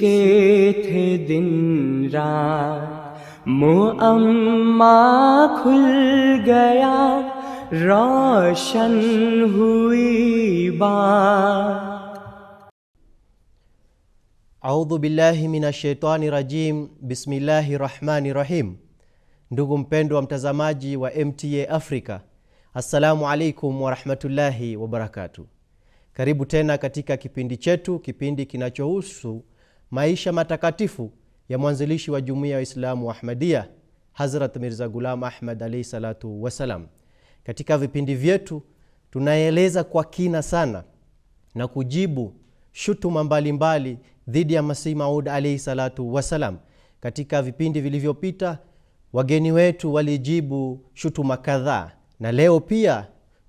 کے تھے دن थे दिन کھل گیا روشن ہوئی بات اعوذ باللہ من الشیطان الرجیم بسم اللہ rahmani rahim. Ndugu mpendwa mtazamaji wa MTA Africa, Assalamu alaikum warahmatullahi wabarakatu. Karibu tena katika kipindi chetu, kipindi kinachohusu maisha matakatifu ya mwanzilishi wa jumuiya ya Waislamu wa Ahmadia, Hazrat Mirza Gulam Ahmad alaihi salatu wassalam. Katika vipindi vyetu tunaeleza kwa kina sana na kujibu shutuma mbalimbali dhidi ya Masihi Maud alaihi salatu wassalam. Katika vipindi vilivyopita, wageni wetu walijibu shutuma kadhaa na leo pia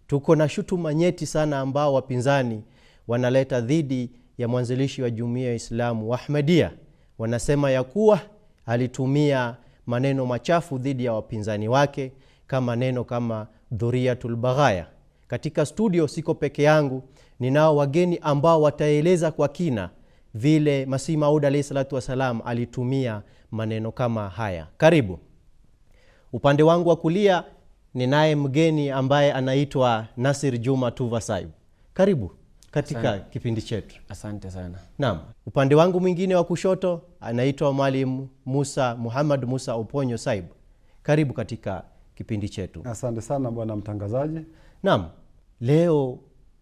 tuko na shutuma nyeti sana ambao wapinzani wanaleta dhidi ya mwanzilishi wa jumuia ya Islamu wa Wanasema ya kuwa alitumia maneno machafu dhidi ya wapinzani wake kama neno kama dhuriatulbaghaya Katika studio siko peke yangu, ninao wageni ambao wataeleza kwa kina vile masihi Maud alahi salatu wassalam alitumia maneno kama haya. Karibu upande wangu wa kulia ninaye mgeni ambaye anaitwa Nasir Juma Tuva Saib. Karibu katika Asante. kipindi chetu. Asante sana. Naam, upande wangu mwingine wa kushoto anaitwa mwalim Musa Muhammad Musa Oponyo Saib. Karibu katika kipindi chetu. Asante sana bwana mtangazaji. Naam, leo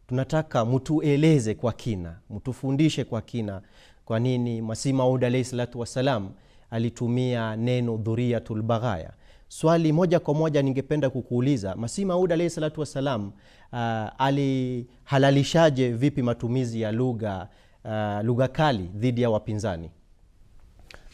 tunataka mtueleze kwa kina, mtufundishe kwa kina kwa nini Masihi Maud alahi salatu wassalam alitumia neno dhuriatulbaghaya Swali moja kwa moja ningependa kukuuliza Masih Maud alayhi salatu wassalam, uh, alihalalishaje vipi matumizi ya lugha uh, lugha kali dhidi ya wapinzani?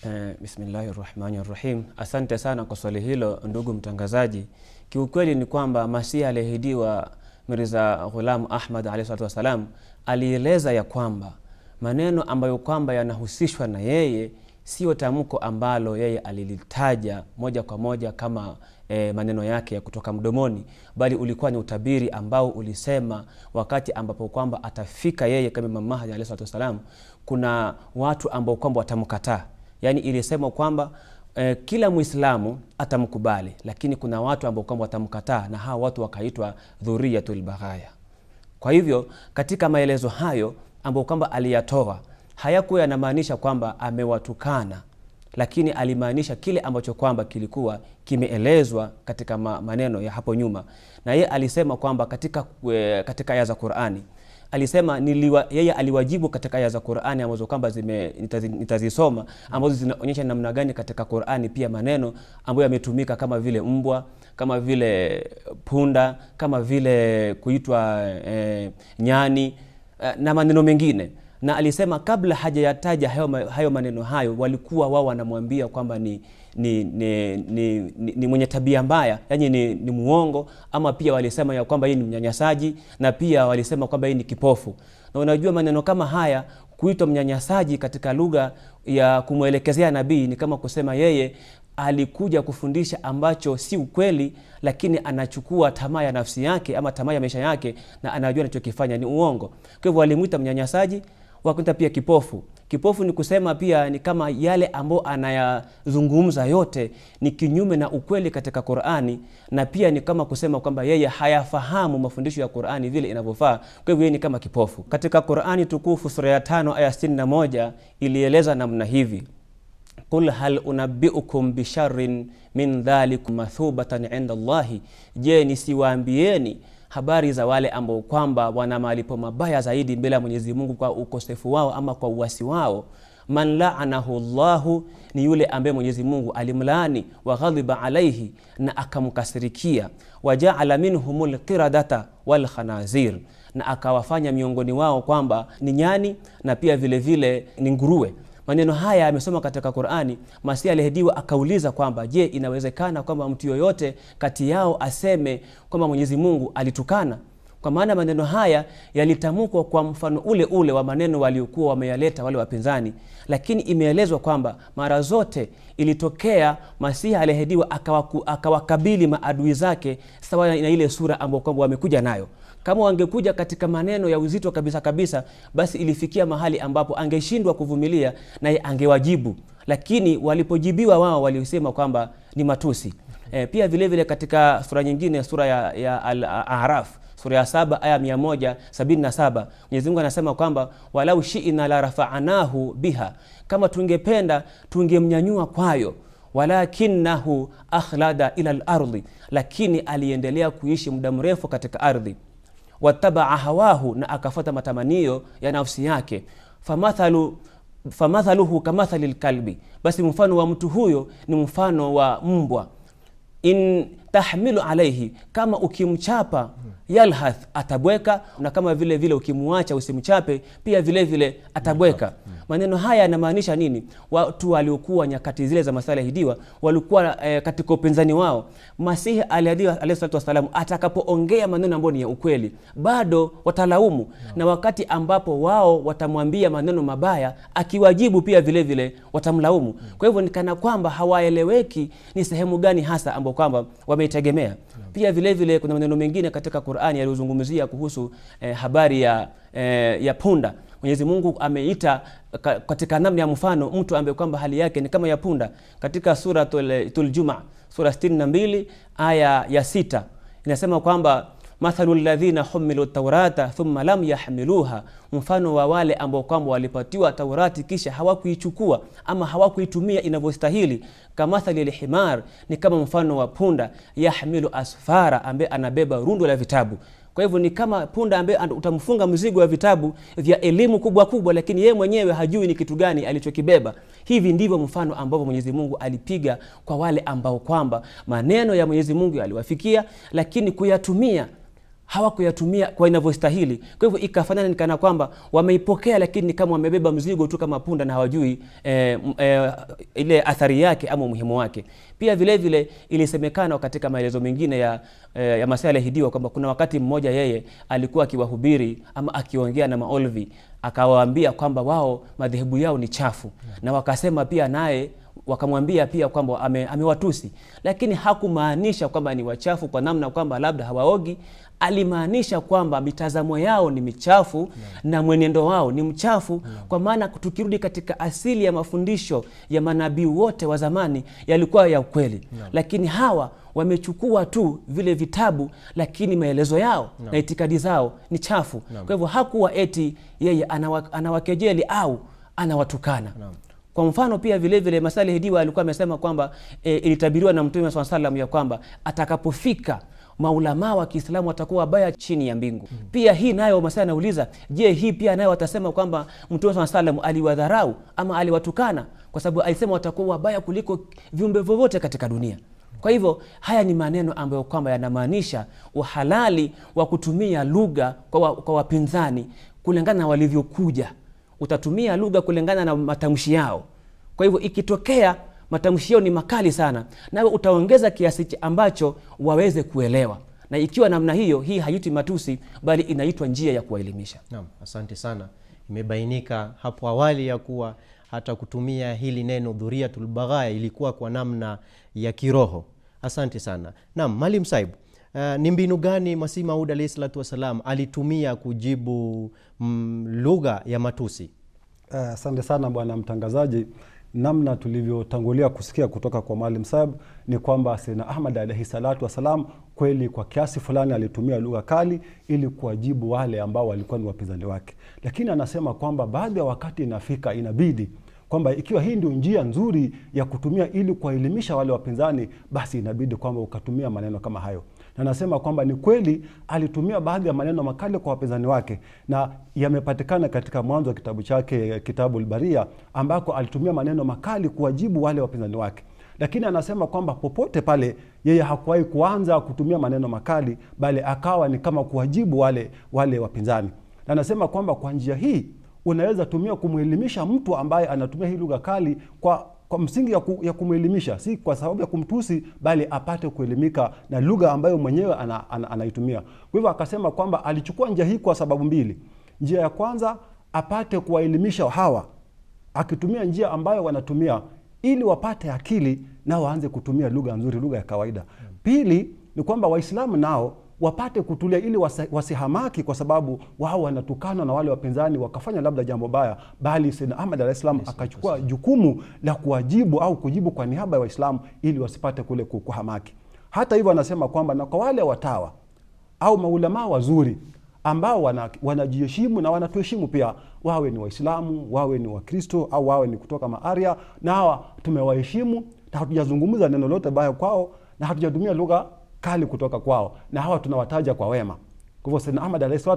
uh, eh, bismillahi rahmani rahim. Asante sana kwa swali hilo ndugu mtangazaji. Kiukweli ni kwamba masihi aliyehidiwa Mirza Ghulam Ahmad alayhi salatu wassalam alieleza ya kwamba maneno ambayo kwamba yanahusishwa na yeye sio tamko ambalo yeye alilitaja moja kwa moja kama e, maneno yake ya kutoka mdomoni, bali ulikuwa ni utabiri ambao ulisema wakati ambapo kwamba atafika yeye kama Imam Mahdi alayhi salatu wasalam, kuna watu ambao kwamba watamkataa. Yani ilisema kwamba e, kila Muislamu atamkubali, lakini kuna watu ambao kwamba watamkataa, na hawa watu wakaitwa dhuriyatul baghaya. Kwa hivyo katika maelezo hayo ambao kwamba aliyatoa hayakuwa yanamaanisha kwamba amewatukana, lakini alimaanisha kile ambacho kwamba kilikuwa kimeelezwa katika maneno ya hapo nyuma, na yeye alisema kwamba katika, eh, katika aya za Qur'ani alisema niliwa, yeye aliwajibu katika aya za Qur'ani ambazo kwamba nitazisoma nitazi ambazo zinaonyesha namna gani katika Qur'ani pia maneno ambayo yametumika kama vile mbwa, kama vile punda, kama vile kuitwa eh, nyani eh, na maneno mengine na alisema kabla hajayataja hayo, hayo maneno hayo, walikuwa wao wanamwambia kwamba ni, ni, ni, ni, ni, ni mwenye tabia mbaya, yani ni, ni muongo, ama pia walisema ya kwamba yeye ni mnyanyasaji, na pia walisema kwamba yeye ni kipofu. Na unajua maneno kama haya kuitwa mnyanyasaji katika lugha ya kumwelekezea nabii ni kama kusema yeye alikuja kufundisha ambacho si ukweli, lakini anachukua tamaa ya nafsi yake ama tamaa ya maisha yake, na anajua anachokifanya ni uongo. Kwa hivyo walimwita mnyanyasaji wakuta pia kipofu kipofu ni kusema pia ni kama yale ambayo anayazungumza yote ni kinyume na ukweli katika Qur'ani, na pia ni kama kusema kwamba yeye hayafahamu mafundisho ya Qur'ani vile inavyofaa. Kwa hivyo yeye ni kama kipofu. Katika Qur'ani tukufu sura ya tano aya sitini na moja ilieleza namna hivi Qul hal unabbiukum bisharrin min dhalikum mathubatan inda Allahi, je, siwaambieni habari za wale ambao kwamba wana malipo mabaya zaidi mbele ya Mwenyezi Mungu kwa ukosefu wao ama kwa uasi wao. Man laanahu Allahu, ni yule ambaye Mwenyezi Mungu alimlaani. Wa ghadhiba alaihi, na akamkasirikia. Wajaala minhumul qiradata wal khanazir, na akawafanya miongoni wao kwamba ni nyani na pia vilevile ni nguruwe. Maneno haya yamesoma katika Qur'ani. Masih aliyeahidiwa akauliza kwamba je, inawezekana kwamba mtu yoyote kati yao aseme kwamba Mwenyezi Mungu alitukana? Kwa maana maneno haya yalitamkwa kwa mfano ule ule wa maneno waliokuwa wameyaleta wale wapinzani, lakini imeelezwa kwamba mara zote ilitokea Masihi aliyeahidiwa akawakabili maadui zake sawa na ile sura ambayo kwamba wamekuja nayo. Kama wangekuja katika maneno ya uzito kabisa kabisa, basi ilifikia mahali ambapo angeshindwa kuvumilia naye angewajibu, lakini walipojibiwa wao walisema kwamba ni matusi. E, pia vilevile vile katika sura nyingine, sura ya, ya Al-Araf sura ya saba aya mia Mwenyezi Mungu anasema kwamba walau shiina la rafa'nahu biha, kama tungependa tungemnyanyua kwayo walakinahu akhlada ila al-ardhi, lakini aliendelea kuishi muda mrefu katika ardhi watabaa hawahu, na akafuata matamanio ya nafsi yake. famathalu famathaluhu kamathali lkalbi, basi mfano wa mtu huyo ni mfano wa mbwa in tahmilu alaihi, kama ukimchapa yalhath atabweka, na kama vile vile ukimwacha usimchape pia vile vile atabweka. Mm-hmm. Maneno haya yanamaanisha nini? Watu waliokuwa nyakati zile za Masihi aliyeahidiwa walikuwa eh, katika upinzani wao. Masihi aliyeahidiwa alayhi salatu atakapoongea maneno ambayo ni ya ukweli, bado watalaumu no. Mm-hmm. Na wakati ambapo wao watamwambia maneno mabaya akiwajibu, pia vile vile watamlaumu. Mm-hmm. Kwa hivyo nikana kwamba hawaeleweki ni sehemu gani hasa ambao kwamba wame wameitegemea. Pia vile vile kuna maneno mengine katika Qur'ani yaliyozungumzia kuhusu eh, habari ya, eh, ya punda. Mwenyezi Mungu ameita katika namna ya mfano mtu ambaye kwamba hali yake ni kama ya punda katika suratul eh, Juma sura 62 aya ya sita inasema kwamba mathalu alladhina humilu taurata thumma lam yahmiluha, mfano wa wale ambao kwamba walipatiwa Taurati kisha hawakuichukua ama hawakuitumia inavyostahili. Kamathali alhimar, ni kama mfano wa punda, yahmilu asfara, ambaye anabeba rundo la vitabu kwa hivyo ni kama punda ambaye utamfunga mzigo wa vitabu vya elimu kubwa kubwa, lakini yeye mwenyewe hajui ni kitu gani alichokibeba. Hivi ndivyo mfano ambavyo Mwenyezi Mungu alipiga kwa wale ambao kwamba maneno ya Mwenyezi Mungu yaliwafikia, lakini kuyatumia hawakuyatumia kwa inavyostahili. Kwa hivyo ikafanana nikana kwamba wameipokea, lakini kama wamebeba mzigo tu kama punda na hawajui e, e, ile athari yake ama umuhimu wake. Pia vile vile ilisemekana katika maelezo mengine ya, e, ya Masih aliyeahidiwa kwamba kuna wakati mmoja yeye alikuwa akiwahubiri ama akiongea na maolvi akawaambia kwamba wao madhehebu yao ni chafu, na wakasema pia naye wakamwambia pia kwamba amewatusi ame, lakini hakumaanisha kwamba ni wachafu kwa namna kwamba labda hawaogi alimaanisha kwamba mitazamo yao ni michafu na, na mwenendo wao ni mchafu na. Kwa maana tukirudi katika asili ya mafundisho ya manabii wote wa zamani yalikuwa ya ukweli na. Lakini hawa wamechukua tu vile vitabu, lakini maelezo yao na, na itikadi zao ni chafu na. Kwa hivyo hakuwa eti yeye anawa, anawakejeli au anawatukana Kwa mfano pia vilevile vile alikuwa amesema kwamba e, ilitabiriwa na Mtume swalla salam ya kwamba atakapofika maulamaa wa Kiislamu watakuwa wabaya chini ya mbingu. mm -hmm. Pia hii nayo Wamasai anauliza, je, hii pia nayo watasema kwamba Mtume saa salam aliwadharau ama aliwatukana? Kwa sababu alisema watakuwa wabaya kuliko viumbe vyovyote katika dunia. Kwa hivyo haya ni maneno ambayo kwamba yanamaanisha uhalali wa kutumia lugha kwa, kwa wapinzani kulingana na walivyokuja. Utatumia lugha kulingana na matamshi yao. Kwa hivyo ikitokea matamshi yao ni makali sana, nawe utaongeza kiasi ambacho waweze kuelewa na ikiwa namna hiyo, hii haiti matusi, bali inaitwa njia ya kuwaelimisha. asante sana. Imebainika hapo awali ya kuwa hata kutumia hili neno dhuriatulbaghaya ilikuwa kwa namna ya kiroho. Asante sana. nam malim Saib, uh, ni mbinu gani Masihi Maud alahi salatu wassalam alitumia kujibu mm, lugha ya matusi? Eh, asante uh, sana bwana mtangazaji namna tulivyotangulia kusikia kutoka kwa Maalim Saab ni kwamba sena Ahmad alaihi salatu wassalam kweli kwa kiasi fulani alitumia lugha kali ili kuwajibu wale ambao walikuwa ni wapinzani wake, lakini anasema kwamba baadhi ya wakati inafika inabidi kwamba ikiwa hii ndio njia nzuri ya kutumia ili kuwaelimisha wale wapinzani, basi inabidi kwamba ukatumia maneno kama hayo na anasema kwamba ni kweli alitumia baadhi ya maneno makali kwa wapinzani wake, na yamepatikana katika mwanzo wa kitabu chake eh, kitabu Baria, ambako alitumia maneno makali kuwajibu wale wapinzani wake lakini anasema kwamba popote pale yeye hakuwahi kuanza kutumia maneno makali, bali akawa ni kama kuwajibu wale wale wapinzani. Na anasema kwamba kwa njia hii unaweza tumia kumwelimisha mtu ambaye anatumia hii lugha kali kwa kwa msingi ya, ku, ya kumwelimisha, si kwa sababu ya kumtusi, bali apate kuelimika na lugha ambayo mwenyewe anaitumia ana, ana, anaitumia Kwa hivyo akasema kwamba alichukua njia hii kwa sababu mbili. Njia ya kwanza apate kuwaelimisha hawa akitumia njia ambayo wanatumia ili wapate akili na waanze kutumia lugha nzuri, lugha ya kawaida. Pili ni kwamba Waislamu nao wapate kutulia ili wasihamaki kwa sababu wao wanatukana na wale wapinzani wakafanya labda jambo baya, bali Sayyidna Ahmad alaihis salaam yes, akachukua jukumu la kuwajibu au kujibu kwa niaba ya Waislamu ili wasipate kule kuhamaki. Hata hivyo anasema kwamba na kwa wale watawa au maulamaa wazuri ambao wanajiheshimu wana na wanatuheshimu pia, wawe ni Waislamu, wawe ni Wakristo au wawe ni kutoka Maaria, na hawa tumewaheshimu na hatujazungumza neno lote baya kwao na hatujatumia lugha kali kutoka kwao, na hawa tunawataja kwa wema. Kwa hivyo Ahmad alayhi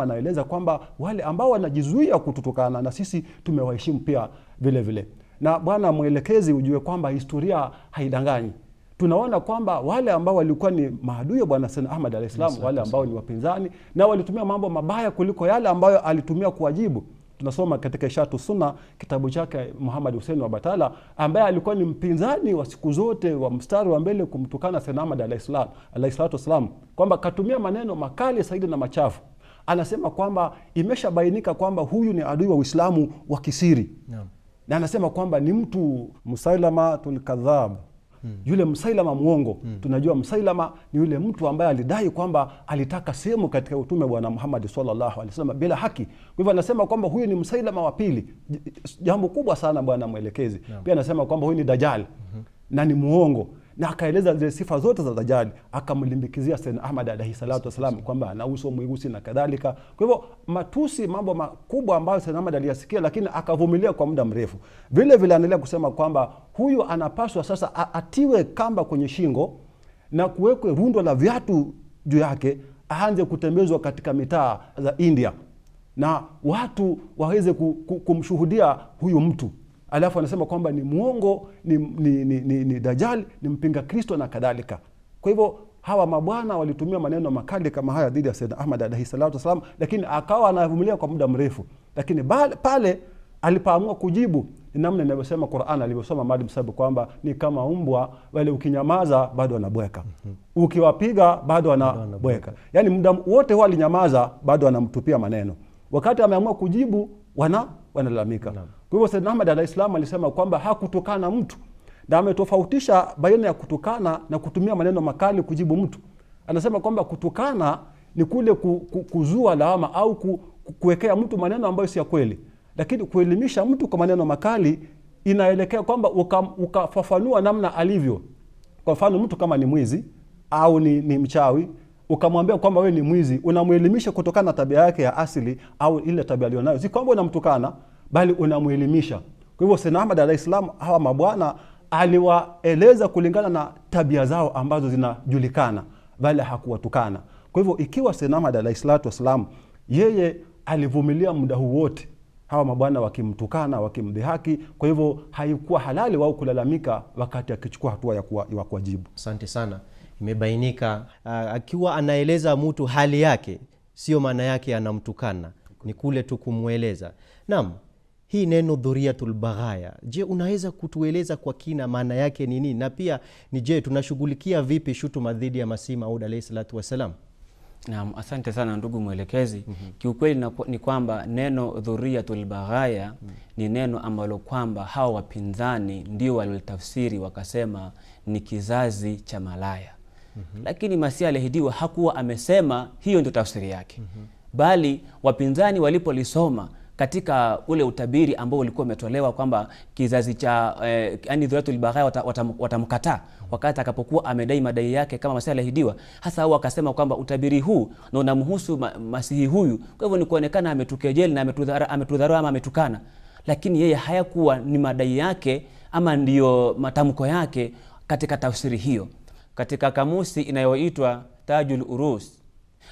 anaeleza kwamba wale ambao wanajizuia kututukana na sisi tumewaheshimu pia vile vile. Na bwana mwelekezi, ujue kwamba historia haidanganyi. Tunaona kwamba wale ambao walikuwa ni maadui ya bwana Sayyidna Ahmad alayhi wale ambao ni wapinzani na walitumia mambo mabaya kuliko yale ambayo alitumia kuwajibu tunasoma katika Ishatu Sunna kitabu chake Muhammad Hussein wa Batala ambaye alikuwa ni mpinzani wa siku zote wa mstari wa mbele kumtukana senamad Ahmad wassalam, kwamba katumia maneno makali saidi na machafu. Anasema kwamba imeshabainika kwamba huyu ni adui wa Uislamu wa kisiri, yeah. na anasema kwamba ni mtu musailama Kadhab mm. yule Msailama mwongo mm. tunajua Msailama ni yule mtu ambaye alidai kwamba alitaka sehemu katika utume Bwana Muhammad sallallahu alaihi wasallam bila haki. Kwa hivyo anasema kwamba huyu ni Msailama wa pili, jambo kubwa sana bwana mwelekezi. Yeah. Pia anasema kwamba huyu ni Dajjal mm -hmm. na ni mwongo na akaeleza zile sifa zote za Dajjal, akamlimbikizia sen Ahmad alaihi salatu wassalam kwamba ana uso mweusi na kadhalika. Kwa hivyo matusi, mambo makubwa ambayo sen Ahmad aliyasikia, lakini akavumilia kwa muda mrefu. Vile vile anaendelea kusema kwamba huyu anapaswa sasa atiwe kamba kwenye shingo na kuwekwe rundo la viatu juu yake, aanze kutembezwa katika mitaa za India na watu waweze kumshuhudia huyu mtu alafu anasema kwamba ni mwongo ni, ni, ni, ni, ni dajali ni mpinga kristo na kadhalika kwa hivyo hawa mabwana walitumia maneno makali kama haya dhidi ya saidna Ahmad alaihi salatu wasalam, lakini akawa anavumilia kwa muda mrefu. Lakini bale, pale alipoamua kujibu ni namna inavyosema Qur'an alivyosoma madimsabu kwamba ni kama mbwa wale, ukinyamaza bado wanabweka, hmm. ukiwapiga bado wanabweka. Yaani muda wote huwa alinyamaza, bado wanamtupia maneno. Wakati ameamua kujibu wana wanalalamika. Kwa hivyo Saidna Ahmad alayhi salam alisema kwamba hakutukana mtu na ametofautisha baina ya kutukana na kutumia maneno makali kujibu mtu. Anasema kwamba kutukana ni kule ku, ku, kuzua lawama au ku, ku, kuwekea mtu maneno ambayo si ya kweli, lakini kuelimisha mtu kwa maneno makali inaelekea kwamba ukafafanua uka namna alivyo. Kwa mfano mtu kama ni mwizi au ni, ni mchawi ukamwambia kwamba wewe ni mwizi, unamwelimisha kutokana na tabia yake ya asili au ile tabia alionayo Si kwamba unamtukana, bali unamwelimisha. Kwa hivyo Sayyidna Ahmad alayhi salam, hawa mabwana aliwaeleza kulingana na tabia zao ambazo zinajulikana, bali hakuwatukana. Kwa hivyo ikiwa Sayyidna Ahmad alayhi salatu wasalam, yeye alivumilia muda huu wote hawa mabwana wakimtukana, wakimdhihaki. Kwa hivyo haikuwa halali wao kulalamika wakati akichukua hatua ya kuwajibu. Asante sana imebainika. Ah, akiwa anaeleza mtu hali yake, sio maana yake anamtukana, ni kule tu kumweleza. nam hii neno dhuriatulbaghaya je, unaweza kutueleza kwa kina maana yake ni nini? Na pia ni je, tunashughulikia vipi shutuma dhidi ya Masihi Maud alahi salatu wassalam? nam asante sana ndugu mwelekezi. mm -hmm. Kiukweli ni kwamba neno dhuriatulbaghaya mm -hmm. ni neno ambalo kwamba hawa wapinzani ndio walilitafsiri wakasema ni kizazi cha malaya -hmm. Lakini Masihi aliahidiwa hakuwa amesema hiyo ndio tafsiri yake mm -hmm. Bali wapinzani walipolisoma katika ule utabiri ambao ulikuwa umetolewa kwamba kizazi cha eh, yani dhuratul baghaya watamkataa wata, wata wakati akapokuwa amedai madai yake kama Masihi aliahidiwa, hasa au akasema kwamba utabiri huu na unamhusu ma, Masihi huyu, kwa hivyo ni kuonekana ametukejeli na ametudharau ametudhara, ama ametukana, lakini yeye hayakuwa ni madai yake ama ndiyo matamko yake katika tafsiri hiyo katika kamusi inayoitwa Tajul Urus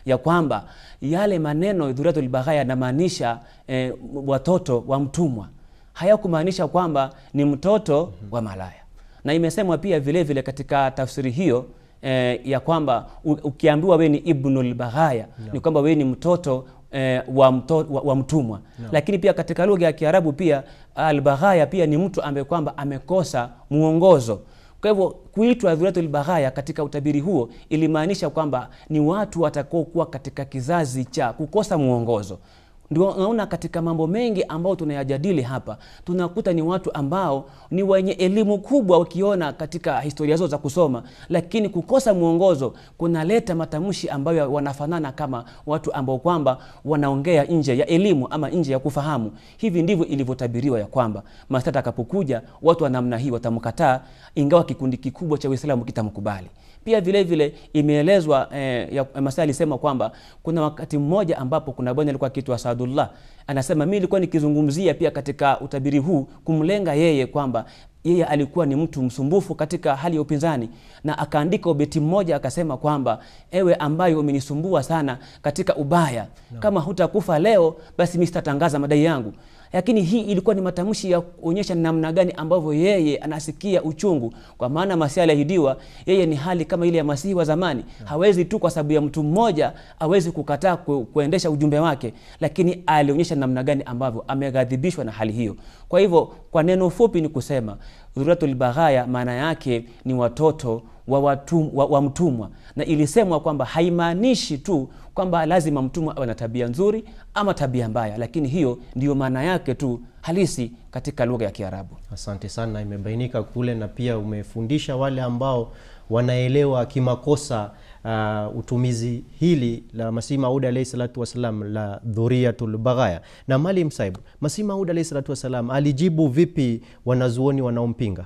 ya kwamba yale maneno dhuriatul baghaya yanamaanisha e, watoto wa mtumwa, hayakumaanisha kwamba ni mtoto wa malaya. Na imesemwa pia vilevile vile katika tafsiri hiyo e, ya kwamba ukiambiwa we ni ibnul baghaya no. ni kwamba we ni mtoto E, wa, mto, wa, wa mtumwa no. Lakini pia katika lugha ya Kiarabu pia albaghaya pia ni mtu ambaye kwamba amekosa muongozo kwa hivyo kuitwa dhuratul baghaya katika utabiri huo ilimaanisha kwamba ni watu watakaokuwa katika kizazi cha kukosa mwongozo. Ndio unaona katika mambo mengi ambayo tunayajadili hapa, tunakuta ni watu ambao ni wenye elimu kubwa, ukiona katika historia zao za kusoma, lakini kukosa mwongozo kunaleta matamshi ambayo wanafanana kama watu ambao kwamba wanaongea nje ya elimu ama nje ya kufahamu. Hivi ndivyo ilivyotabiriwa ya kwamba masta atakapokuja, watu wa namna hii watamkataa, ingawa kikundi kikubwa cha uislamu kitamkubali. Pia vile vile imeelezwa eh, ya alisema kwamba kuna wakati mmoja ambapo kuna bwana alikuwa akiitwa Saadullah, anasema mimi nilikuwa nikizungumzia pia katika utabiri huu kumlenga yeye kwamba yeye alikuwa ni mtu msumbufu katika hali ya upinzani, na akaandika ubeti mmoja akasema kwamba ewe ambayo umenisumbua sana katika ubaya no. kama hutakufa leo basi mimi sitatangaza madai yangu lakini hii ilikuwa ni matamshi ya kuonyesha namna gani ambavyo yeye anasikia uchungu, kwa maana Masihi aliahidiwa, yeye ni hali kama ile ya Masihi wa zamani. Hmm. Hawezi tu kwa sababu ya mtu mmoja awezi kukataa ku, kuendesha ujumbe wake, lakini alionyesha namna gani ambavyo ameghadhibishwa na hali hiyo. Kwa hivyo kwa neno fupi ni kusema dhuratul baghaya maana yake ni watoto wa, watum, wa, wa mtumwa na ilisemwa kwamba haimaanishi tu kwamba lazima mtumwa awe na tabia nzuri ama tabia mbaya, lakini hiyo ndiyo maana yake tu halisi katika lugha ya Kiarabu. Asante sana, imebainika kule, na pia umefundisha wale ambao wanaelewa kimakosa uh, utumizi hili la Masihi Maud alayhi salatu wasalam la dhuriatul baghaya. Na mali msaibu Masihi Maud alayhi salatu wasalam alijibu vipi wanazuoni wanaompinga?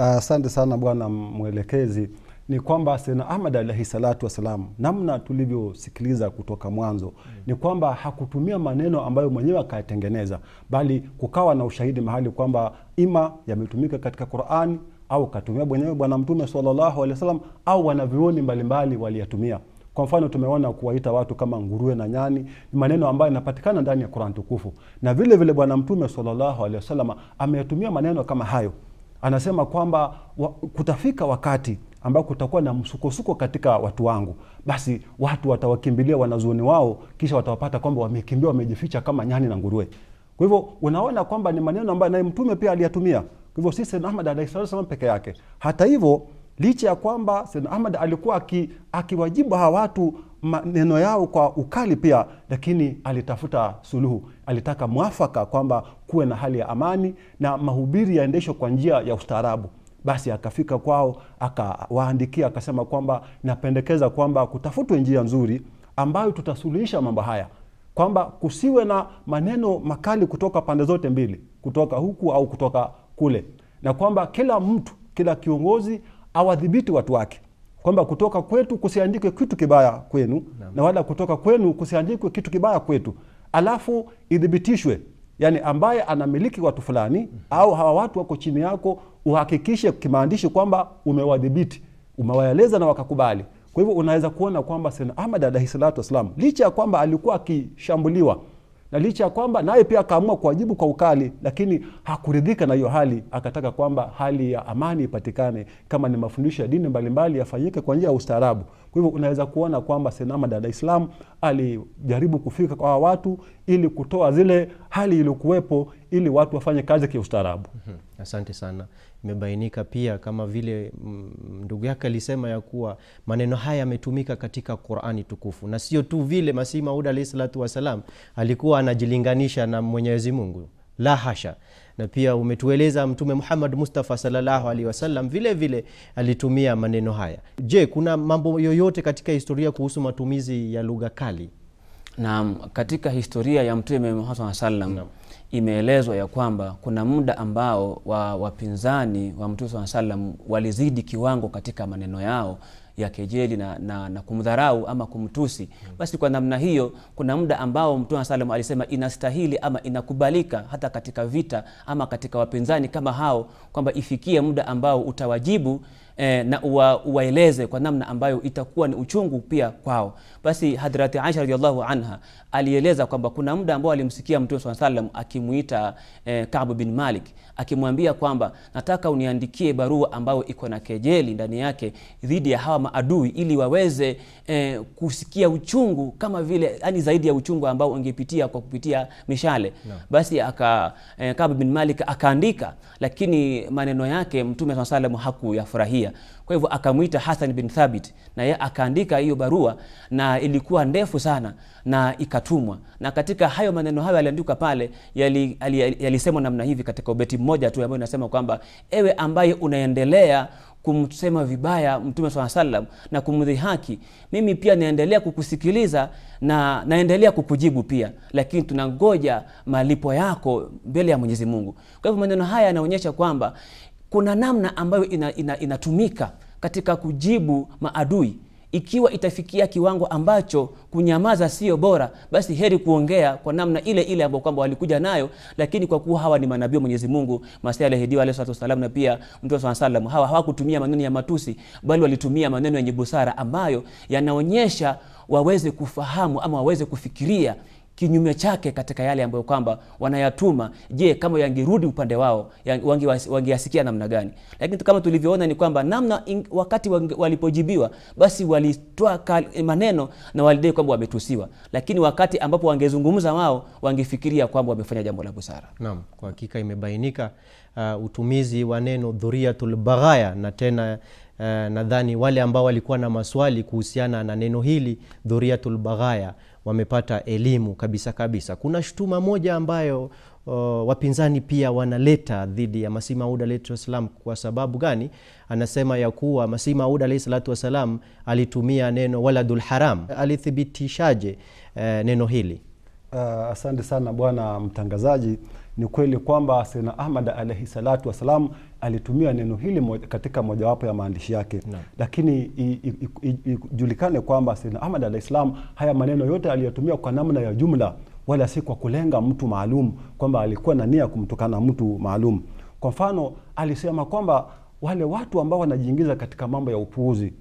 Asante uh, sana bwana mwelekezi. Ni kwamba Sena Ahmad alaihi salatu wassalam, namna tulivyosikiliza kutoka mwanzo mm. ni kwamba hakutumia maneno ambayo mwenyewe akayatengeneza, bali kukawa na ushahidi mahali kwamba ima yametumika katika Qurani au katumia mwenyewe Bwana Mtume sallallahu alaihi wasallam au wanavyuoni mbalimbali waliyatumia. Kwa mfano tumeona kuwaita watu kama nguruwe na nyani ni maneno ambayo yanapatikana ndani ya Qurani tukufu, na vile vile Bwana Mtume sallallahu alaihi wasallam ameyatumia maneno kama hayo anasema kwamba wa, kutafika wakati ambao kutakuwa na msukosuko katika watu wangu, basi watu watawakimbilia wanazuoni wao, kisha watawapata kwamba wamekimbia, wamejificha kama nyani na ngurue Kwa hivyo unaona kwamba ni maneno ambayo naye mtume pia aliyatumia. Kwa hivyo si Sayyidna Ahmad alayhi peke yake. Hata hivyo licha ya kwamba Sayyidna Ahmad alikuwa akiwajibu hawa watu maneno yao kwa ukali pia, lakini alitafuta suluhu. Alitaka mwafaka kwamba kuwe na hali ya amani na mahubiri yaendeshwe kwa njia ya ustaarabu. Basi akafika kwao akawaandikia, akasema kwamba napendekeza kwamba kutafutwe njia nzuri ambayo tutasuluhisha mambo haya, kwamba kusiwe na maneno makali kutoka pande zote mbili, kutoka huku au kutoka kule, na kwamba kila mtu, kila kiongozi awadhibiti watu wake kwamba kutoka kwetu kusiandikwe kitu kibaya kwenu na, na wala kutoka kwenu kusiandikwe kitu kibaya kwetu, alafu idhibitishwe yani ambaye anamiliki watu fulani mm -hmm. au hawa watu wako chini yako, uhakikishe kimaandishi kwamba umewadhibiti, umewaeleza na wakakubali. Kwa hivyo unaweza kuona kwamba Sayyidna Ahmad alaihi salatu wassalam licha ya kwamba alikuwa akishambuliwa na licha ya kwamba naye pia akaamua kuwajibu kwa ukali, lakini hakuridhika na hiyo hali, akataka kwamba hali ya amani ipatikane, kama ni mafundisho ya dini mbalimbali yafanyike kwa njia ya ustaarabu. Kwa hivyo unaweza kuona kwamba Senamad islam alijaribu kufika kwa watu ili kutoa zile hali iliyokuwepo, ili watu wafanye kazi kiustaarabu. mm -hmm. Asante sana. Imebainika pia kama vile mm, ndugu yake alisema ya kuwa maneno haya yametumika katika Qurani tukufu, na sio tu vile Masihi Maud alaihi salatu wassalam alikuwa anajilinganisha na Mwenyezi Mungu, la hasha. Na pia umetueleza Mtume Muhammad Mustafa sallallahu alaihi wasallam vile vile alitumia maneno haya. Je, kuna mambo yoyote katika historia kuhusu matumizi ya lugha kali? Naam, katika historia ya Mtume Muhammad sallallahu salam imeelezwa ya kwamba kuna muda ambao wa wapinzani wa Mtume swalla sallam walizidi kiwango katika maneno yao ya kejeli na, na, na kumdharau ama kumtusi. Basi kwa namna hiyo, kuna muda ambao Mtume sallam alisema inastahili ama inakubalika hata katika vita ama katika wapinzani kama hao, kwamba ifikie muda ambao utawajibu eh, na uwa, uwaeleze kwa namna ambayo itakuwa ni uchungu pia kwao. Basi Hadrati Aisha radhiallahu anha alieleza kwamba kuna muda ambao alimsikia Mtume swalla sallam akimuita eh, Ka'b bin Malik akimwambia kwamba nataka uniandikie barua ambayo iko na kejeli ndani yake dhidi ya hawa maadui ili waweze eh, kusikia uchungu kama vile yani zaidi ya uchungu ambao ungepitia kwa kupitia mishale no. Basi aka eh, Ka'b bin Malik akaandika, lakini maneno yake Mtume swalla sallam hakuyafurahia Saudia. Kwa hivyo akamwita Hassan bin Thabit na yeye akaandika hiyo barua, na ilikuwa ndefu sana na ikatumwa. Na katika hayo maneno hayo aliandika pale yalisemwa yali, yali, yali namna hivi katika ubeti mmoja tu ambayo inasema kwamba ewe ambaye unaendelea kumsema vibaya Mtume swalla sallam na kumdhihaki, mimi pia naendelea kukusikiliza na naendelea kukujibu pia, lakini tunangoja malipo yako mbele ya Mwenyezi Mungu. Kwa hivyo maneno haya yanaonyesha kwamba kuna namna ambayo inatumika ina, ina katika kujibu maadui. Ikiwa itafikia kiwango ambacho kunyamaza sio bora, basi heri kuongea kwa namna ile ile ambayo kwamba walikuja nayo, lakini kwa kuwa hawa ni manabii wa Mwenyezi Mungu, Masihi aliyeahidiwa alayhi salatu wasallam, na pia Mtume swalla salam, hawa hawakutumia maneno ya matusi, bali walitumia maneno yenye busara ambayo yanaonyesha waweze kufahamu ama waweze kufikiria kinyume chake katika yale ambayo kwamba wanayatuma. Je, kama yangerudi upande wao wangeyasikia namna gani? Lakini kama tulivyoona ni kwamba namna ing, wakati walipojibiwa basi walitoa eh, maneno na walidai kwamba wametusiwa, lakini wakati ambapo wangezungumza wao wangefikiria kwamba wamefanya jambo la busara. Naam, kwa hakika imebainika uh, utumizi wa neno dhuriatul baghaya na tena uh, nadhani wale ambao walikuwa na maswali kuhusiana na neno hili dhuriatul baghaya wamepata elimu kabisa kabisa. Kuna shutuma moja ambayo Uh, wapinzani pia wanaleta dhidi ya Masihi Maud alayhi salam. Kwa sababu gani? Anasema ya kuwa Masihi Maud alayhi salatu wasalam alitumia neno waladul haram. Alithibitishaje uh, neno hili? Uh, asante sana bwana mtangazaji. Ni kweli kwamba Sayyidna Ahmad alaihi salatu wassalam alitumia neno hili katika mojawapo ya maandishi yake no. Lakini ijulikane kwamba Sayyidna Ahmad alaihi salam haya maneno yote aliyotumia kwa namna ya jumla, wala si kwa kulenga mtu maalum, kwamba alikuwa na nia kumtukana mtu maalum. Kwa mfano, alisema kwamba wale watu ambao wanajiingiza katika mambo ya upuuzi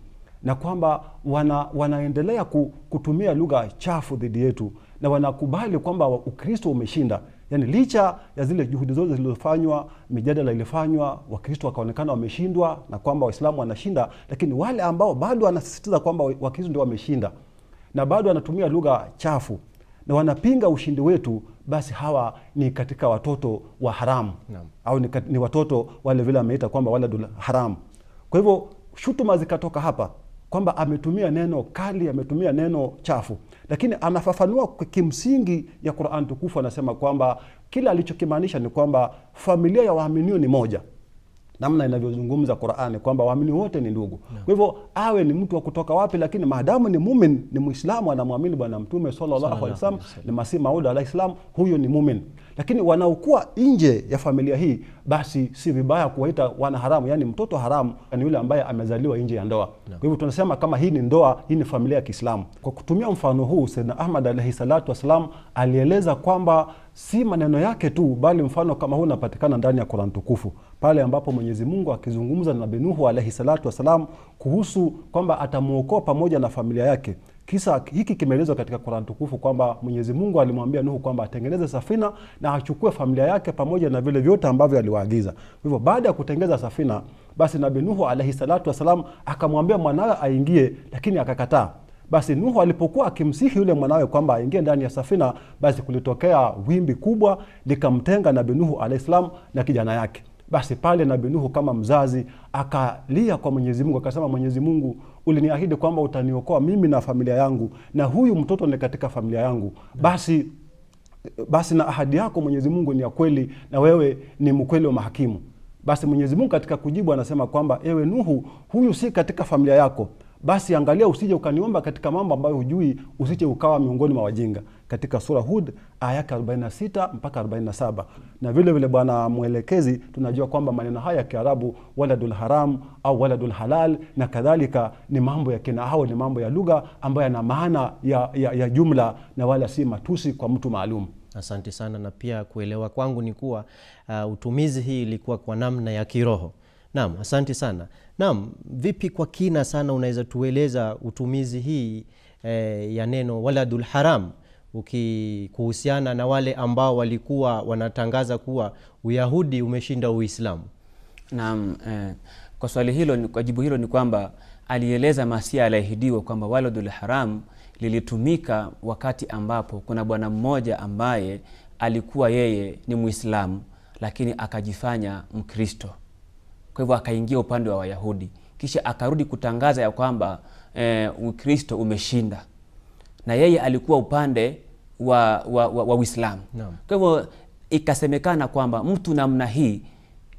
na kwamba wana, wanaendelea kutumia lugha chafu dhidi yetu na wanakubali kwamba Ukristo umeshinda Yaani licha ya zile juhudi zote zilizofanywa, mijadala ilifanywa, Wakristo wakaonekana wameshindwa na kwamba Waislamu wanashinda, lakini wale ambao bado wanasisitiza kwamba Wakristo ndio wameshinda na bado wanatumia lugha chafu na wanapinga ushindi wetu, basi hawa ni katika watoto wa haramu Naam. au ni, kat, ni watoto wale vile ameita kwamba waladul haramu. Kwa hivyo shutuma zikatoka hapa kwamba ametumia neno kali, ametumia neno chafu, lakini anafafanua kimsingi ya Qur'an tukufu, anasema kwamba kila alichokimaanisha ni kwamba familia ya waaminio ni moja namna inavyozungumza Qur'ani kwamba waamini wote ni ndugu. Kwa hivyo awe ni mtu wa kutoka wapi, lakini maadamu ni mumin, ni Muislamu, anamwamini Bwana Mtume sallallahu ni Masihi Maud alaihis salam, huyo ni mumin lakini wanaokuwa nje ya familia hii, basi si vibaya kuwaita wana haramu. Yani mtoto haramu ni yule ambaye amezaliwa nje ya ndoa no. Kwa hivyo tunasema kama hii ni ndoa, hii ni familia ya Kiislamu. Kwa kutumia mfano huu, Sayyidna Ahmad alaihi salatu wassalam alieleza kwamba si maneno yake tu, bali mfano kama huu unapatikana ndani ya Qur'an tukufu pale ambapo Mwenyezi Mungu akizungumza na Nabii Nuhu alaihi salatu wassalam kuhusu kwamba atamwokoa pamoja na familia yake Kisa hiki kimeelezwa katika Qur'an tukufu kwamba Mwenyezi Mungu alimwambia Nuhu kwamba atengeneze safina na achukue familia yake pamoja na vile vyote ambavyo aliwaagiza. Hivyo baada ya kutengeza safina, basi Nabii Nuhu alaihi salatu wasalam akamwambia mwanawe aingie, lakini akakataa. Basi Nuhu alipokuwa akimsihi yule mwanawe kwamba aingie ndani ya safina, basi kulitokea wimbi kubwa likamtenga Nabii Nuhu alaihi salam na kijana yake. Basi pale Nabii Nuhu kama mzazi akalia kwa Mwenyezi Mungu akasema, Mwenyezi Mungu, uliniahidi kwamba utaniokoa mimi na familia yangu, na huyu mtoto ni katika familia yangu. Basi basi na ahadi yako Mwenyezi Mungu ni ya kweli, na wewe ni mkweli wa mahakimu. Basi Mwenyezi Mungu katika kujibu anasema kwamba ewe Nuhu, huyu si katika familia yako, basi angalia usije ukaniomba katika mambo ambayo hujui, usije ukawa miongoni mwa wajinga katika sura Hud aya 46 mpaka 47. Na vile vile, bwana mwelekezi, tunajua kwamba maneno haya ya Kiarabu waladul haram au waladul halal na kadhalika ni mambo ya kinahau, ni mambo ya lugha ambayo yana maana ya, ya, ya jumla na wala si matusi kwa mtu maalum. Asante sana, na pia kuelewa kwangu ni kuwa uh, utumizi hii ilikuwa kwa namna ya kiroho. Naam, asante sana. Naam, vipi kwa kina sana unaweza tueleza utumizi hii eh, ya neno waladul haram kuhusiana na wale ambao walikuwa wanatangaza kuwa uyahudi umeshinda uislamu naam eh, kwa swali hilo kwa jibu hilo ni kwamba alieleza masia aliahidiwa kwamba waladulharam haram lilitumika wakati ambapo kuna bwana mmoja ambaye alikuwa yeye ni mwislamu lakini akajifanya mkristo kwa hivyo akaingia upande wa wayahudi kisha akarudi kutangaza ya kwamba eh, ukristo umeshinda na yeye alikuwa upande wa, wa, wa, wa Uislamu Kwa hivyo ikasemekana kwamba mtu namna hii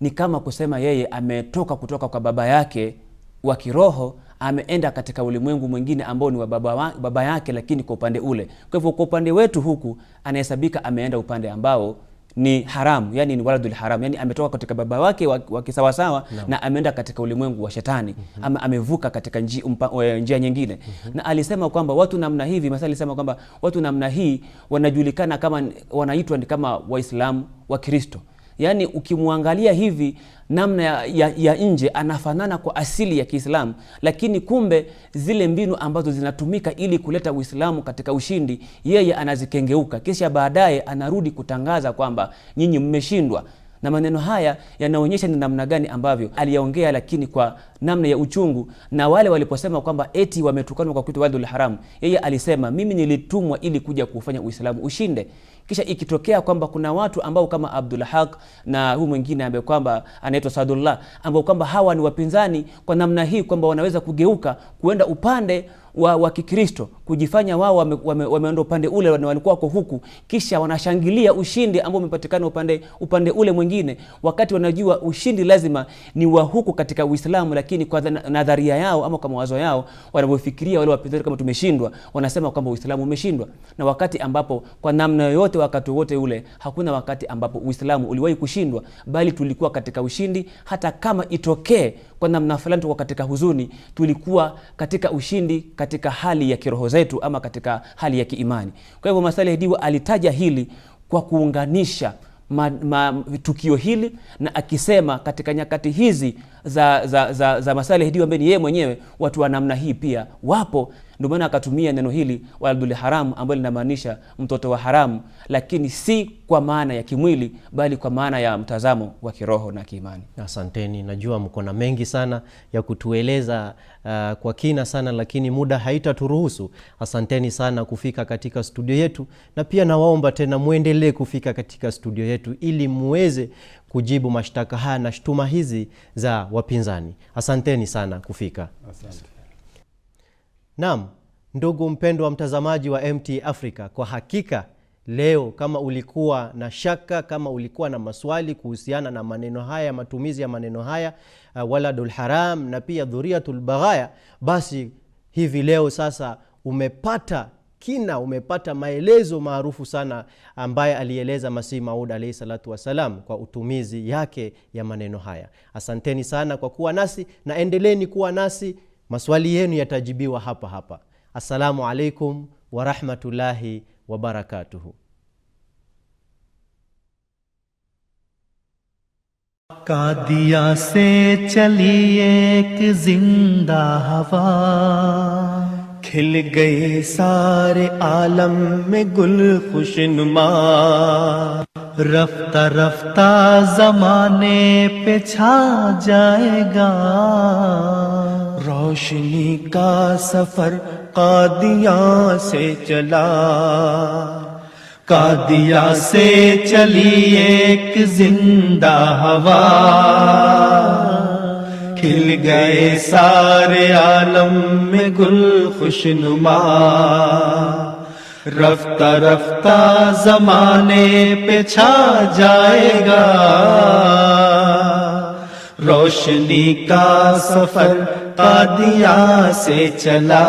ni kama kusema yeye ametoka kutoka kwa baba yake wa kiroho ameenda katika ulimwengu mwingine ambao ni wa baba, wa, baba yake, lakini kwa upande ule. Kwa hivyo kwa upande wetu huku anahesabika ameenda upande ambao ni haramu, yani ni waladul haram yani ametoka katika baba wake wa kisawasawa no. na ameenda katika ulimwengu wa shetani mm -hmm. ama amevuka katika njia, umpa, eh, njia nyingine mm -hmm. na alisema kwamba watu namna hivi, Masali alisema kwamba watu namna hii wanajulikana kama wanaitwa ni kama Waislamu wa Kristo wa yaani ukimwangalia hivi namna ya, ya, ya nje anafanana kwa asili ya Kiislamu, lakini kumbe zile mbinu ambazo zinatumika ili kuleta Uislamu katika ushindi, yeye anazikengeuka, kisha baadaye anarudi kutangaza kwamba nyinyi mmeshindwa na maneno haya yanaonyesha ni namna gani ambavyo aliyaongea, lakini kwa namna ya uchungu. Na wale waliposema kwamba eti wametukanwa kwa kuitwa Waladul Haram, yeye alisema mimi nilitumwa ili kuja kufanya Uislamu ushinde kisha ikitokea kwamba kuna watu ambao kama Abdul Haq na huyu mwingine ambaye kwamba anaitwa Sadullah ambao kwamba hawa ni wapinzani kwa namna hii kwamba wanaweza kugeuka kuenda upande wa, wa Kikristo kujifanya wao wameenda wame, wame upande ule walikuwa wako huku, kisha wanashangilia ushindi ambao umepatikana upande, upande ule mwingine, wakati wanajua ushindi lazima ni wa huku katika Uislamu, lakini kwa nadharia yao ama kwa mawazo yao wanavyofikiria wale wapinzani, kama tumeshindwa, wanasema kwamba Uislamu umeshindwa, na wakati ambapo kwa namna yoyote, wakati wote ule, hakuna wakati ambapo Uislamu uliwahi kushindwa, bali tulikuwa katika ushindi, hata kama itokee kwa namna fulani tulikuwa katika huzuni, tulikuwa katika ushindi katika katika hali ya kiroho zetu ama katika hali ya kiimani. Kwa hivyo Masaleh Diwa alitaja hili kwa kuunganisha ma, ma, tukio hili na akisema katika nyakati hizi za, za, za, za Masaleh Diwa ambaye ni yeye mwenyewe, watu wa namna hii pia wapo. Ndio maana akatumia neno hili waladul haram, ambalo linamaanisha mtoto wa haramu, lakini si kwa maana ya kimwili, bali kwa maana ya mtazamo wa kiroho na kiimani. Asanteni, najua mko na mengi sana ya kutueleza uh, kwa kina sana, lakini muda haitaturuhusu. Asanteni sana kufika katika studio yetu, na pia nawaomba tena mwendelee kufika katika studio yetu ili muweze kujibu mashtaka haya na shtuma hizi za wapinzani. Asanteni sana kufika. Asante. Naam, ndugu mpendwa mtazamaji wa MT Africa, kwa hakika leo kama ulikuwa na shaka, kama ulikuwa na maswali kuhusiana na maneno haya, matumizi ya maneno haya uh, waladul haram na pia dhuriatul baghaya, basi hivi leo sasa umepata kina umepata maelezo maarufu sana ambaye alieleza Masihi Maud alaihi salatu wassalam kwa utumizi yake ya maneno haya. Asanteni sana kwa kuwa nasi na endeleni kuwa nasi Maswali yenu yatajibiwa hapa hapa. Assalamu alaikum warahmatullahi wabarakatuhu. کادیا سے چلی ایک زندہ ہوا کھل گئے سارے عالم میں گل خوش نما رفتہ رفتہ زمانے چھا جائے گا روشنی کا سفر قادیاں سے چلا قادیا سے چلی ایک زندہ ہوا کھل گئے سارے عالم میں گل خوش نما رفتہ رفتہ زمانے پہ چھا جائے گا روشنی کا سفر دیا سے چلا